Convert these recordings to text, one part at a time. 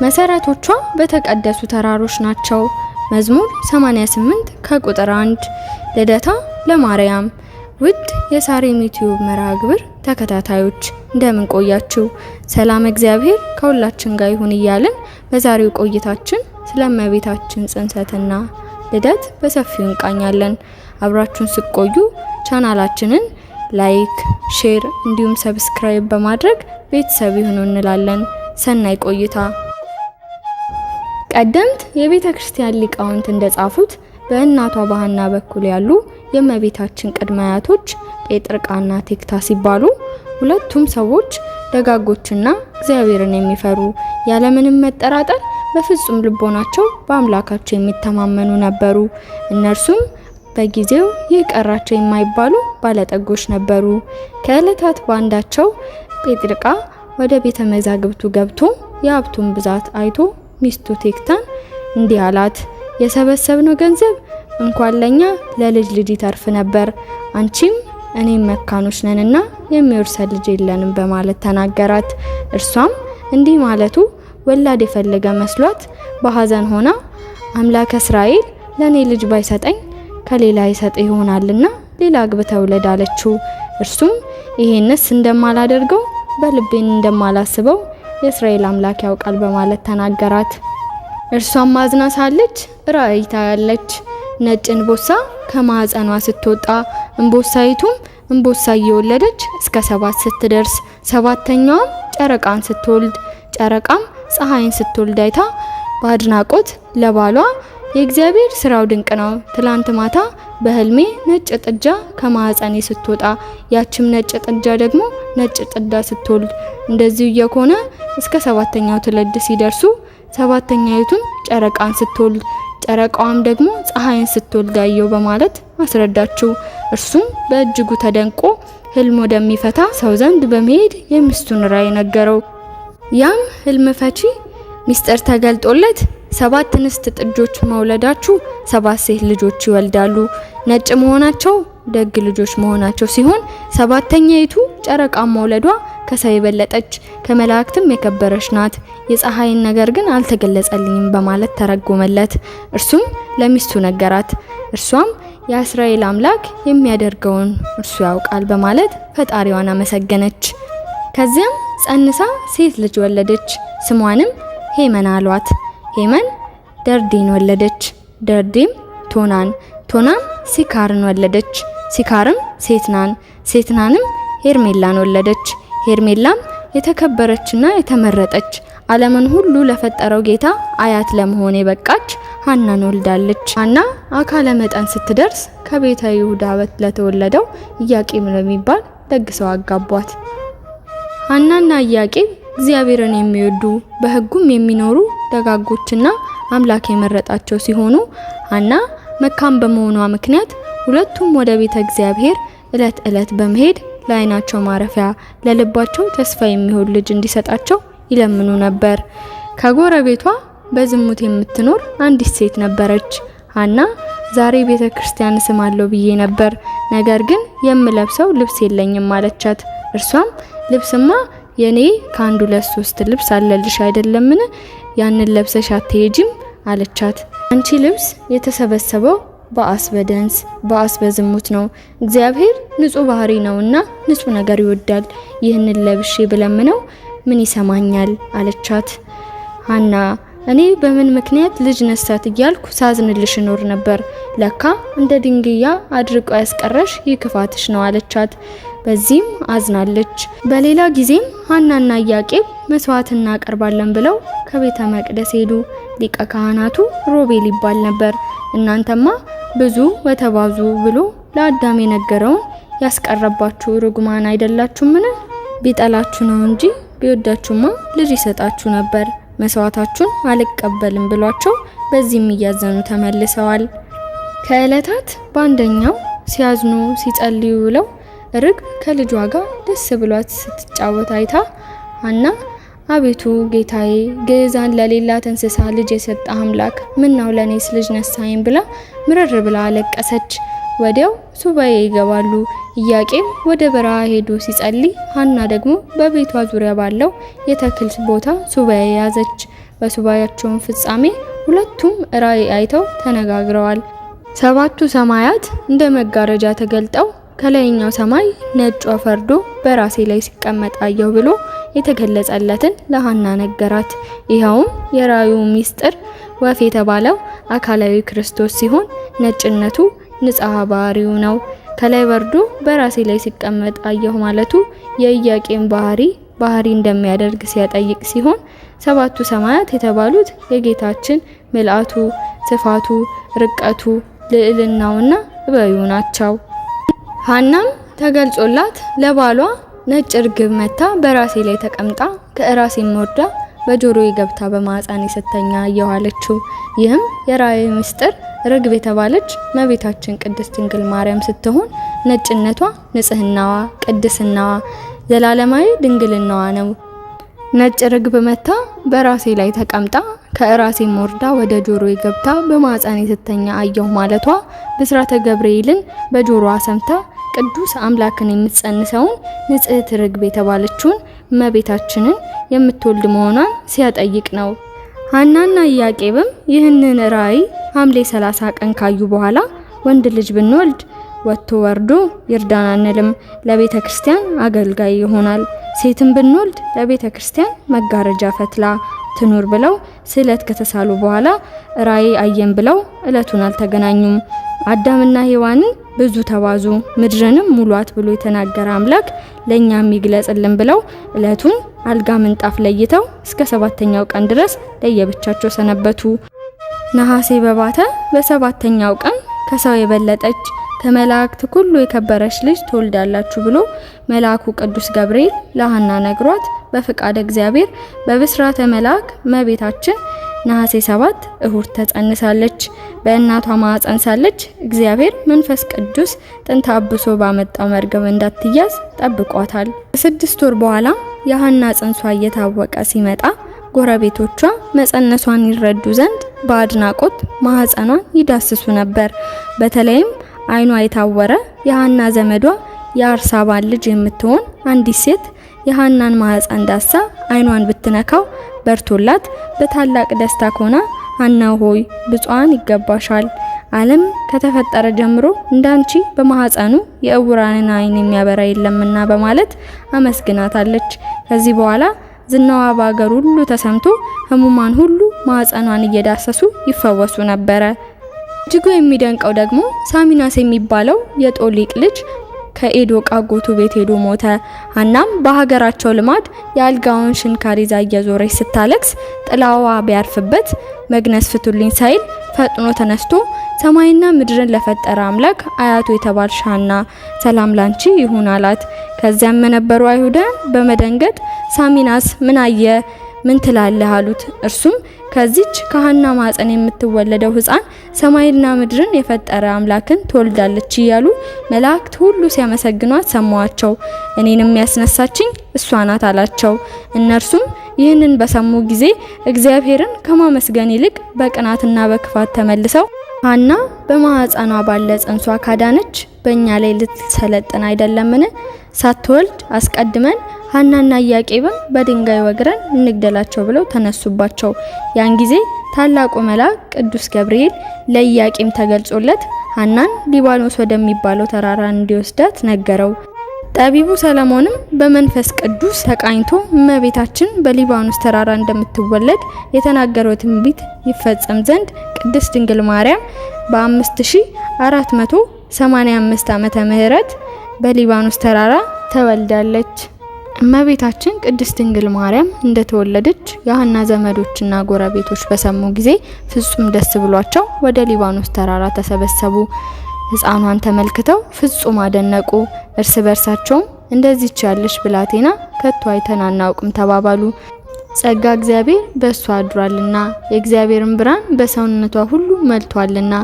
መሰረቶቿ በተቀደሱ ተራሮች ናቸው። መዝሙር 88 ከቁጥር 1። ልደታ ለማርያም። ውድ የሳሬም ዩቲዩብ መርሃ ግብር ተከታታዮች እንደምን ቆያችሁ? ሰላም እግዚአብሔር ከሁላችን ጋር ይሁን እያልን በዛሬው ቆይታችን ስለ እመቤታችን ጽንሰትና ልደት በሰፊው እንቃኛለን። አብራችሁን ስቆዩ ቻናላችንን ላይክ፣ ሼር እንዲሁም ሰብስክራይብ በማድረግ ቤተሰብ ይሁኑ እንላለን። ሰናይ ቆይታ። ቀደምት የቤተ ክርስቲያን ሊቃውንት እንደጻፉት በእናቷ ባህና በኩል ያሉ የእመቤታችን ቅድመ አያቶች ጴጥርቃና ቴክታ ሲባሉ ሁለቱም ሰዎች ደጋጎችና እግዚአብሔርን የሚፈሩ ያለምንም መጠራጠር በፍጹም ልቦናቸው በአምላካቸው የሚተማመኑ ነበሩ። እነርሱም በጊዜው ይህ ቀራቸው የማይባሉ ባለጠጎች ነበሩ። ከዕለታት በአንዳቸው ጴጥርቃ ወደ ቤተ መዛግብቱ ገብቶ የሀብቱን ብዛት አይቶ ሚስቱ ቴክታን እንዲህ አላት፣ የሰበሰብነው ገንዘብ እንኳን ለኛ ለልጅ ልጅ ይተርፍ ነበር አንቺም እኔም መካኖች ነንና የሚወርሰን ልጅ የለንም በማለት ተናገራት። እርሷም እንዲህ ማለቱ ወላድ የፈለገ መስሏት በሐዘን ሆና አምላከ እስራኤል ለእኔ ልጅ ባይሰጠኝ ከሌላ ይሰጥ ይሆናልና ሌላ አግብተ ውለድ አለችው። እርሱም ይሄንስ እንደማላደርገው በልቤን እንደማላስበው የእስራኤል አምላክ ያውቃል በማለት ተናገራት። እርሷም ማዝና ሳለች ራእይ ታያለች። ነጭን ቦሳ ከማዕፀኗ ስትወጣ እምቦሳይቱም እምቦሳ እየወለደች እስከ ሰባት ስትደርስ ሰባተኛዋም ጨረቃን ስትወልድ ጨረቃም ፀሐይን ስትወልድ አይታ በአድናቆት ለባሏ የእግዚአብሔር ስራው ድንቅ ነው፣ ትላንት ማታ በህልሜ ነጭ ጥጃ ከማህፀኔ ስትወጣ ያችም ነጭ ጥጃ ደግሞ ነጭ ጥዳ ስትወልድ እንደዚሁ እየሆነ እስከ ሰባተኛው ትውልድ ሲደርሱ ሰባተኛይቱም ጨረቃን ስትወልድ ጨረቃዋም ደግሞ ፀሐይን ስትወልዳየው በማለት አስረዳችው። እርሱም በእጅጉ ተደንቆ ህልም ወደሚፈታ ሰው ዘንድ በመሄድ የሚስቱን ራእይ ነገረው። ያም ህልም ፈቺ ሚስጥር ተገልጦለት ሰባት እንስት ጥጆች መውለዳችሁ ሰባት ሴት ልጆች ይወልዳሉ። ነጭ መሆናቸው ደግ ልጆች መሆናቸው ሲሆን ሰባተኛይቱ ጨረቃ መውለዷ ከሰው የበለጠች ከመላእክትም የከበረች ናት። የፀሐይን ነገር ግን አልተገለጸልኝም በማለት ተረጎመለት። እርሱም ለሚስቱ ነገራት። እርሷም የእስራኤል አምላክ የሚያደርገውን እርሱ ያውቃል በማለት ፈጣሪዋን አመሰገነች። ከዚያም ጸንሳ ሴት ልጅ ወለደች። ስሟንም ሄመን አሏት። ሄመን ደርዴን ወለደች። ደርዴም ቶናን፣ ቶናም ሲካርን ወለደች። ሲካርም ሴትናን፣ ሴትናንም ሄርሜላን ወለደች። ሄርሜላም የተከበረችና የተመረጠች ዓለምን ሁሉ ለፈጠረው ጌታ አያት ለመሆን የበቃች ሀናን ወልዳለች። ሀና አካለ መጠን ስትደርስ ከቤተ ይሁዳ ለተወለደው ኢያቄም ለሚባል ደግ ሰው አጋቧት። ሀናና ኢያቄም እግዚአብሔርን የሚወዱ በሕጉም የሚኖሩ ደጋጎችና አምላክ የመረጣቸው ሲሆኑ ሀና መካም በመሆኗ ምክንያት ሁለቱም ወደ ቤተ እግዚአብሔር እለት እለት በመሄድ ለአይናቸው ማረፊያ ለልባቸው ተስፋ የሚሆን ልጅ እንዲሰጣቸው ይለምኑ ነበር። ከጎረቤቷ በዝሙት የምትኖር አንዲት ሴት ነበረች። ሀና ዛሬ ቤተ ክርስቲያን ስማለሁ ብዬ ነበር፣ ነገር ግን የምለብሰው ልብስ የለኝም አለቻት። እርሷም ልብስማ የኔ ከአንድ ሁለት ሶስት ልብስ አለልሽ አይደለምን? ያንን ለብሰሽ አትሄጂም አለቻት። አንቺ ልብስ የተሰበሰበው በአስ በደንስ በአስ በዝሙት ነው። እግዚአብሔር ንጹህ ባህሪ ነውና ንጹህ ነገር ይወዳል። ይህንን ለብሼ ብለምነው ምን ይሰማኛል አለቻት። ሀና እኔ በምን ምክንያት ልጅ ነሳት እያልኩ ሳዝንልሽ እኖር ነበር። ለካ እንደ ድንግያ አድርቆ ያስቀረሽ ይህ ክፋትሽ ነው አለቻት። በዚህም አዝናለች። በሌላ ጊዜም ሀናና ኢያቄም መስዋዕት እናቀርባለን ብለው ከቤተ መቅደስ ሄዱ። ሊቀ ካህናቱ ሮቤል ይባል ነበር። እናንተማ ብዙ ወተባዙ ብሎ ለአዳም የነገረውን ያስቀረባችሁ ርጉማን አይደላችሁምን? ቢጠላችሁ ነው እንጂ ቢወዳችሁማ ልጅ ይሰጣችሁ ነበር፣ መስዋዕታችሁን አልቀበልም ብሏቸው በዚህም እያዘኑ ተመልሰዋል። ከእለታት በአንደኛው ሲያዝኑ ሲጸልዩ ውለው ርግብ ከልጇ ጋር ደስ ብሏት ስትጫወት አይታ አና አቤቱ ጌታዬ ግዕዛን ለሌላት እንስሳ ልጅ የሰጠ አምላክ ምናው ለእኔስ ልጅ ነሳይም ብላ ምርር ብላ አለቀሰች። ወዲያው ሱባኤ ይገባሉ። ኢያቄም ወደ በረሃ ሄዶ ሲጸልይ፣ ሐና ደግሞ በቤቷ ዙሪያ ባለው የተክል ቦታ ሱባኤ ያዘች። በሱባያቸው ፍጻሜ ሁለቱም ራእይ አይተው ተነጋግረዋል። ሰባቱ ሰማያት እንደ መጋረጃ ተገልጠው ከላይኛው ሰማይ ነጭ ፈርዶ በራሴ ላይ ሲቀመጥ አየሁ ብሎ የተገለጸለትን ለሀና ነገራት። ይኸውም የራዩ ምስጢር ወፍ የተባለው አካላዊ ክርስቶስ ሲሆን ነጭነቱ ንጽሐ ባህሪው ነው። ከላይ ወርዶ በራሴ ላይ ሲቀመጥ አየሁ ማለቱ የኢያቄም ባህሪ ባህሪ እንደሚያደርግ ሲያጠይቅ ሲሆን ሰባቱ ሰማያት የተባሉት የጌታችን ምልአቱ፣ ስፋቱ፣ ርቀቱ፣ ልዕልናውና እበዩ ናቸው። ሀናም ተገልጾላት ለባሏ ነጭ እርግብ መታ በራሴ ላይ ተቀምጣ ከእራሴም ወርዳ በጆሮዬ ገብታ በማህፀኔ ስተኛ አየኋለችው። ይህም የራእይ ምስጢር ርግብ የተባለች መቤታችን ቅድስት ድንግል ማርያም ስትሆን ነጭነቷ፣ ንጽህናዋ፣ ቅድስናዋ ዘላለማዊ ድንግልናዋ ነው። ነጭ ርግብ መታ በራሴ ላይ ተቀምጣ ከእራሴ ሞርዳ ወደ ጆሮ ገብታ በማፃን ስተኛ አየሁ ማለቷ ብስራተ ገብርኤልን በጆሮዋ ሰምታ ቅዱስ አምላክን የምትጸንሰውን ንጽህት ርግብ የተባለችውን እመቤታችንን የምትወልድ መሆኗን ሲያጠይቅ ነው። ሐናና ኢያቄምም ይህንን ራእይ ሐምሌ 30 ቀን ካዩ በኋላ ወንድ ልጅ ብንወልድ ወጥቶ ወርዶ ይርዳን አንልም፣ ለቤተ ክርስቲያን አገልጋይ ይሆናል። ሴትም ብንወልድ ለቤተ ክርስቲያን መጋረጃ ፈትላ ትኑር ብለው ስዕለት ከተሳሉ በኋላ ራእይ አየን ብለው እለቱን አልተገናኙም። አዳምና ሔዋንን ብዙ ተባዙ ምድርንም ሙሏት ብሎ የተናገረ አምላክ ለእኛም ይግለጽልን ብለው እለቱን አልጋ ምንጣፍ ለይተው እስከ ሰባተኛው ቀን ድረስ ለየብቻቸው ሰነበቱ። ነሐሴ በባተ በሰባተኛው ቀን ከሰው የበለጠች ከመላእክት ሁሉ የከበረች ልጅ ትወልዳላችሁ ብሎ መልአኩ ቅዱስ ገብርኤል ለሐና ነግሯት በፍቃድ እግዚአብሔር በብስራተ መልአክ መቤታችን ነሐሴ 7 እሁድ ተጸንሳለች። በእናቷ ማዕፀን ሳለች እግዚአብሔር መንፈስ ቅዱስ ጥንተ አብሶ ባመጣው መርገም እንዳትያዝ ጠብቋታል። ከስድስት ወር በኋላ የሐና ጽንሷ እየታወቀ ሲመጣ ጎረቤቶቿ መጸነሷን ይረዱ ዘንድ በአድናቆት ማህፀኗን ይዳስሱ ነበር። በተለይም አይኗ የታወረ የሐና ዘመዷ የአርሳባ ልጅ የምትሆን አንዲት ሴት የሃናን ማህፀን ዳሳ አይኗን ብትነካው በርቶላት በታላቅ ደስታ ኮና ሃና ሆይ ብፁዓን ይገባሻል። ዓለም ከተፈጠረ ጀምሮ እንዳንቺ በማህፀኑ የእውራንን አይን የሚያበራ የለምና በማለት አመስግናታለች። ከዚህ በኋላ ዝናዋ በአገር ሁሉ ተሰምቶ ህሙማን ሁሉ ማህፀኗን እየዳሰሱ ይፈወሱ ነበረ። እጅጉ የሚደንቀው ደግሞ ሳሚናስ የሚባለው የጦሊቅ ልጅ ከኤዶቅ አጎቱ ቤት ሄዶ ሞተ። ሀናም በሀገራቸው ልማድ የአልጋውን ሽንካር ይዛ እየዞረች ስታለቅስ ጥላዋ ቢያርፍበት መግነስ ፍቱልኝ ሳይል ፈጥኖ ተነስቶ ሰማይና ምድርን ለፈጠረ አምላክ አያቱ የተባልሽ ሀና ሰላም ላንቺ ይሁን አላት። ከዚያም የነበሩ አይሁዳን በመደንገጥ ሳሚናስ ምን አየ ምን ትላለህ አሉት። እርሱም ከዚች ከሐና ማፀን የምትወለደው ህፃን ሰማይና ምድርን የፈጠረ አምላክን ትወልዳለች እያሉ መላእክት ሁሉ ሲያመሰግኗት ሰማዋቸው። እኔንም ያስነሳችኝ እሷ ናት አላቸው። እነርሱም ይህንን በሰሙ ጊዜ እግዚአብሔርን ከማመስገን ይልቅ በቅናትና በክፋት ተመልሰው ሐና በማህፀኗ ባለ ጽንሷ ካዳነች በእኛ ላይ ልትሰለጥን አይደለምን? ሳትወልድ አስቀድመን ሀናና ኢያቄምም በድንጋይ ወግረን እንግደላቸው ብለው ተነሱባቸው። ያን ጊዜ ታላቁ መልአክ ቅዱስ ገብርኤል ለኢያቄም ተገልጾለት ሀናን ሊባኖስ ወደሚባለው ተራራ እንዲወስዳት ነገረው። ጠቢቡ ሰለሞንም በመንፈስ ቅዱስ ተቃኝቶ እመቤታችን በሊባኖስ ተራራ እንደምትወለድ የተናገረው ትንቢት ይፈጸም ዘንድ ቅድስት ድንግል ማርያም በ5485 ዓመተ ምህረት በሊባኖስ ተራራ ተወልዳለች። እመቤታችን ቅድስት ድንግል ማርያም እንደተወለደች የሐና ዘመዶችና ጎረቤቶች በሰሙ ጊዜ ፍጹም ደስ ብሏቸው ወደ ሊባኖስ ተራራ ተሰበሰቡ። ሕፃኗን ተመልክተው ፍጹም አደነቁ። እርስ በርሳቸውም እንደዚች ያለች ብላቴና ከቶ አይተን አናውቅም ተባባሉ። ጸጋ እግዚአብሔር በእሷ አድሯልና የእግዚአብሔርን ብርሃን በሰውነቷ ሁሉ መልቷልና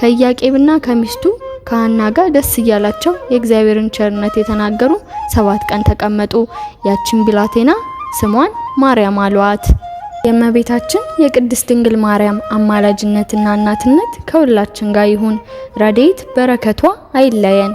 ከኢያቄምና ከሚስቱ ከአና ጋር ደስ እያላቸው የእግዚአብሔርን ቸርነት የተናገሩ ሰባት ቀን ተቀመጡ። ያችን ብላቴና ስሟን ማርያም አሏት። የእመቤታችን የቅድስት ድንግል ማርያም አማላጅነትና እናትነት ከሁላችን ጋር ይሁን። ረድኤት በረከቷ አይለየን።